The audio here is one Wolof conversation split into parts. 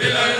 bila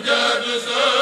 وجد